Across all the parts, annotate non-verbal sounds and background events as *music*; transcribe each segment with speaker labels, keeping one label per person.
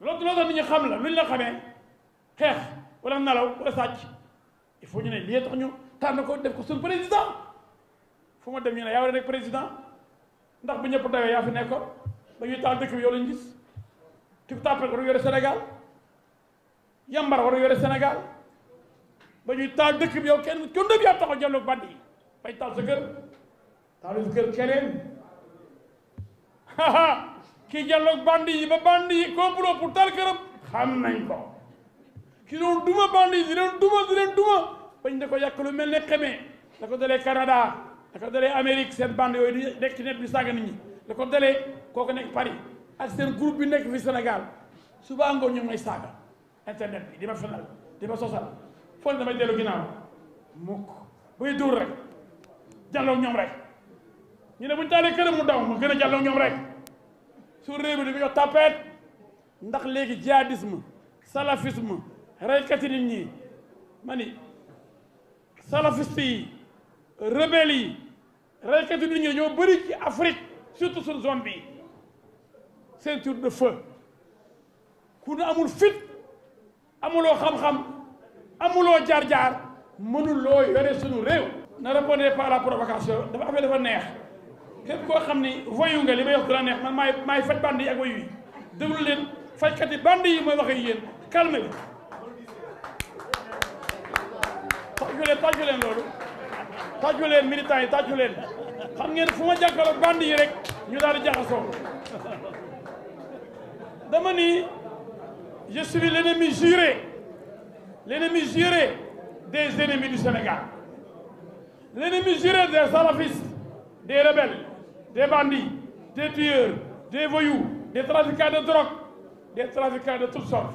Speaker 1: loolu loo tax nit ñi xam la lu ñu la xamee xeex wala nalaw wala sàcc il faut ñu ne lii tax ñu tànn ko def ko suñu président fu ma dem ñu ne yaa war a nekk président ndax bu ñëpp dawee yaa fi nekkoon dañuy taal dëkk bi yow lañu gis Tic Tac war a yore Sénégal Yambar war a yore Sénégal ba ñuy taal dëkk bi yow kenn kenn dem yaa taxaw jàlloog bàdd yi bay taal sa kër taalu sa kër keneen *laughs* ki jàlloog bandi yi ba bandi yi complot pour tal këram xam nañ ko ki doon duma bandi yi di leen duma di leen duma bañ da ko yàq mel ne xemee da ko dalee Canada da ko dalee Amérique seen bande yooyu di nekk net di sàgg nit ñi da ko dalee kooku nekk Paris ak seen groupe bi nekk fi Sénégal suba ngoon ñu may saaga internet bi di ma fenal di ma sosal foo ne damay dellu ginnaaw mukk buy duur rek jàlloog ñoom rek ñu ne buñ taalee këram mu daw mu gën a jàlloog ñoom rek سوريب ديو تابيت نداخ ليغي جياديزم سلافيزم راي كاتيني ني ماني سلافيستي ريبيلي راي كاتيني ني نيو بري سي افريك سورتو سون زومبي سينتور دو فو كون امول فيت امولو خام خام امولو جار جار منو لو يوري ريو نا ريبوندي با لا بروفوكاسيون دا افي képp koo xam ni voyou nga li may wax du la neex man maay maay faj band yi ak wayu yi déglu leen fajkat yi band yi mooy wax ak yéen calme bi tàccu leen tàccu leen loolu tàccu leen militant yi tàccu leen xam ngeen fu ma jàkkaarloog band yi rek ñu daal di jaxasoo dama ni je suis l'ennemi juré l'ennemi juré des ennemis du Sénégal l'ennemi juré des salafistes des rebelles, des bandits, des tueurs, des voyous, des trafiquants de drogue, des trafiquants de toutes sortes.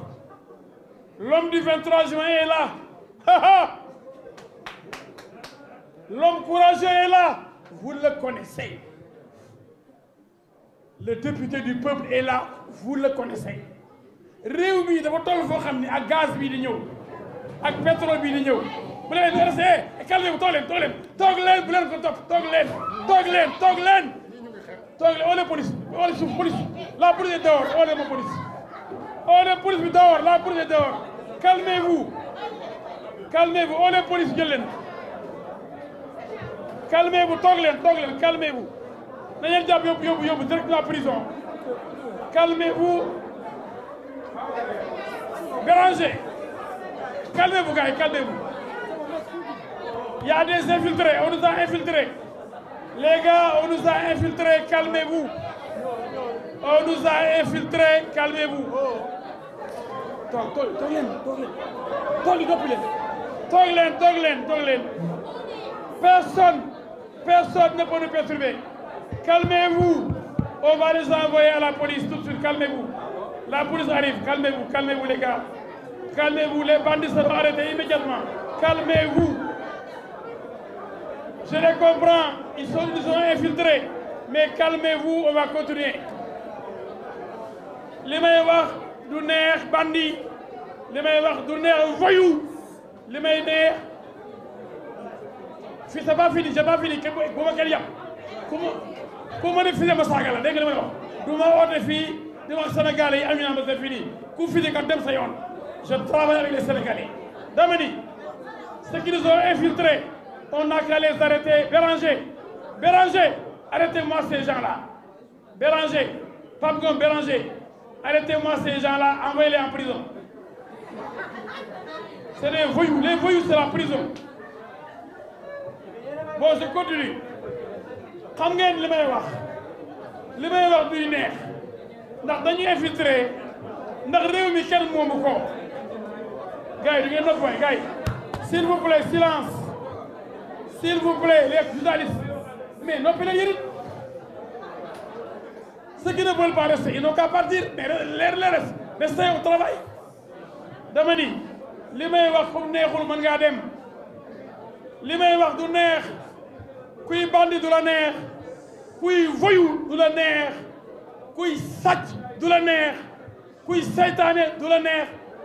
Speaker 1: L'homme du 23 juin est là. L'homme courageux est là. Vous le connaissez. Le député du peuple est là. Vous le connaissez. Réunis vous votre toll gaz à pétrole Blen, waar is hij? Ik kan hem tollen, tollen. Toglen, blen, kom toch. Toglen, toglen, toglen. Toglen, olha a polícia. Olha a polícia. Lá por dentro, olha a polícia. Olha a polícia, me dá hora, lá por dentro. Calmei-vos. Calmei-vos, olha a polícia, gelen. Calmei-vos, toglen, toglen, calmei-vos. Não é ele já, eu, eu, eu, eu, direto na prisão. Calmei-vos. Béranger. Calmei-vos, gai, calmei-vos. Il y a des infiltrés, on nous a infiltrés. Les gars, on nous a infiltrés, calmez-vous. On nous a infiltrés, calmez-vous. Personne, personne ne peut nous perturber. Calmez-vous. On va les envoyer à la police tout de suite, calmez-vous. La police arrive, calmez-vous, calmez-vous les gars. Calmez-vous, les bandits seront arrêtés immédiatement. Calmez-vous. Je les comprends, ils, sont, infiltrés. Mais calmez-vous, on va continuer. Les may wax du neex bandi Je voyous, wax du neex c'est pas fini c'est pas fini Comment qu'elle y Comment Comment ne ma fini je travaille avec les Sénégalais. Damani, ceux qui nous ont infiltrés, on n'a qu'à les arrêter. Béranger, Béranger, arrêtez-moi ces gens-là. Béranger, Pabgon Béranger, arrêtez-moi ces gens-là, envoyez-les en prison. C'est les voyous, les voyous c'est la prison. Bon, je continue. Quand ngeen le meilleur, le meilleur du wax Nous avons infiltré Nous avons mi kenn moomu ko s'il vous plaît silence s'il vous plaît les journalistes mais non, les yëriñ ceux qui ne veulent pas rester ils n'ont qu'à partir mais leer la au travail Damani, les li comme wax fu neexul les ngaa dem li wax du neex kuy bandi du la neex kuy voyou de la neex kuy sac de la neex kuy satané de la neex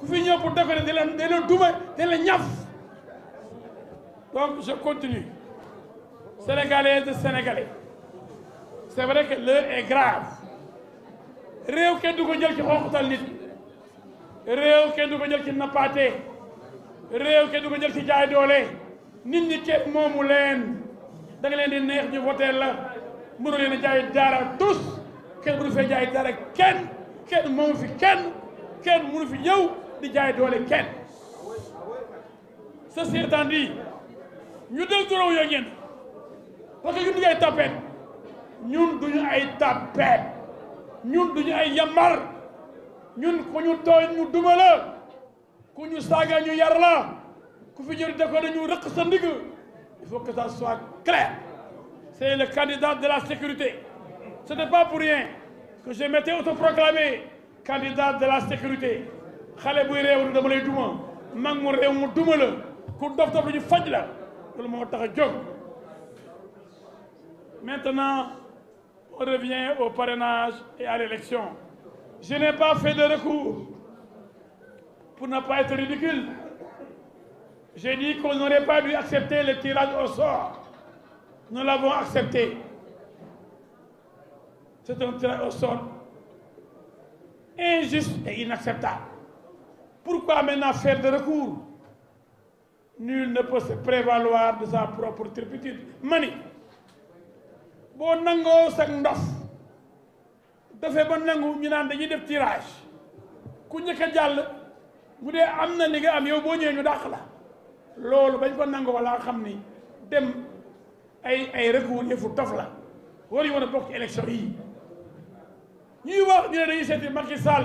Speaker 1: ku fi ñëw pour décorer da leen da leen ñaf donc je continue Sénégalais de sénégalais c'est vrai que l'heure est grave réew kenn du ko jël ci xonqtal nit réew kenn du ko jël ci nappaate réew kenn du ko jël ci jaay doole nit ñi kenn moomu leen da nga leen di neex ñu voté la mënu leen jaay dara tous kenn mënu fee jaay dara kenn kenn moomu fi kenn kenn mënu fi di jaay doole kenn ceci étant dit ñu devons nous yo parce que ñun duñu ay Nous ñun duñu ay tapet ñun duñu ay nous ñun ku ñu tooñ ñu duma la ku ñu saaga ñu yar la ku fi jëri dako dañu rëq sa ndigg il faut que ça soit clair c'est le candidat de la sécurité ce n'est pas pour rien que je m'étais autoproclamé candidat de la sécurité maintenant on revient au parrainage et à l'élection je n'ai pas fait de recours pour ne pas être ridicule j'ai dit qu'on n'aurait pas dû accepter le tirage au sort nous l'avons accepté c'est un tirage au sort injuste et inacceptable Pourquoi maintenant faire de recours nul ne peut se prévaloir de sa propre turpitude ma ni boo nangoo sag ndof dafee ba nangu ñu naan dañuy def tirage ku njëkk a jàll bu dee am na li nga am yow boo ñëwee ñu dàq la loolu bañ ko nangoo laa xam ni dem ay ay recours yëfu dof la war yi war a bokk ci élection yi ñuy wax ñu ne dañuy seeti Macky Sall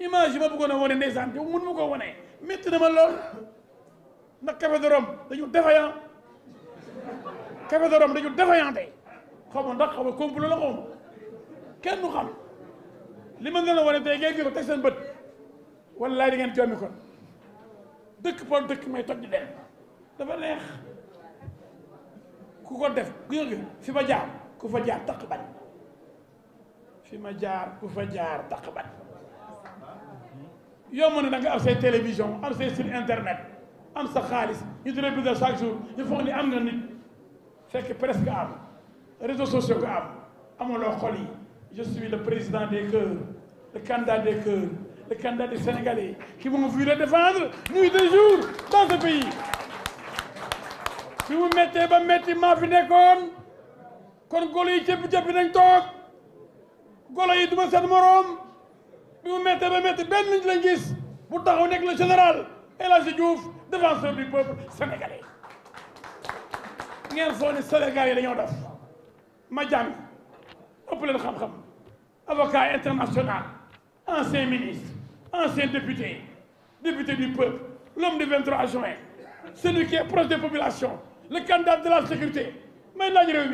Speaker 1: image ma bëggona woné wane te mënu ko woné métti na ma lool ndax café de Rome dañu défaillant café de Rome dañu défaillant tey xaw ndax xaw ma la xaw kenn du xam li ma ngeen woné té tey ngeen gis ko teg seen bët wallaay di ngeen jommi ko dëkk pon dëkk may toj di dem dafa leex ku ko def ku yëngu fi ba jaar ku fa jaar taq bañ fi ma jaar ku fa jaar taq bañ Y a nga am la télévision am internet am sa chaque jour presque réseaux sociaux que am je suis le président des cœurs le candidat des cœurs le candidat des Sénégalais qui vont vu défendre nuit et jour dans ce pays ma vie vous kon vous nañ vous duma vous morom. Vous mettez ben ba de benn nit générale, gis la devant le général Diouf défenseur du peuple sénégalais Nous foog les Sénégal Léon def ma avocat international ancien ministre ancien député député du peuple l'homme du 23 juin celui qui est proche des populations le candidat de la sécurité may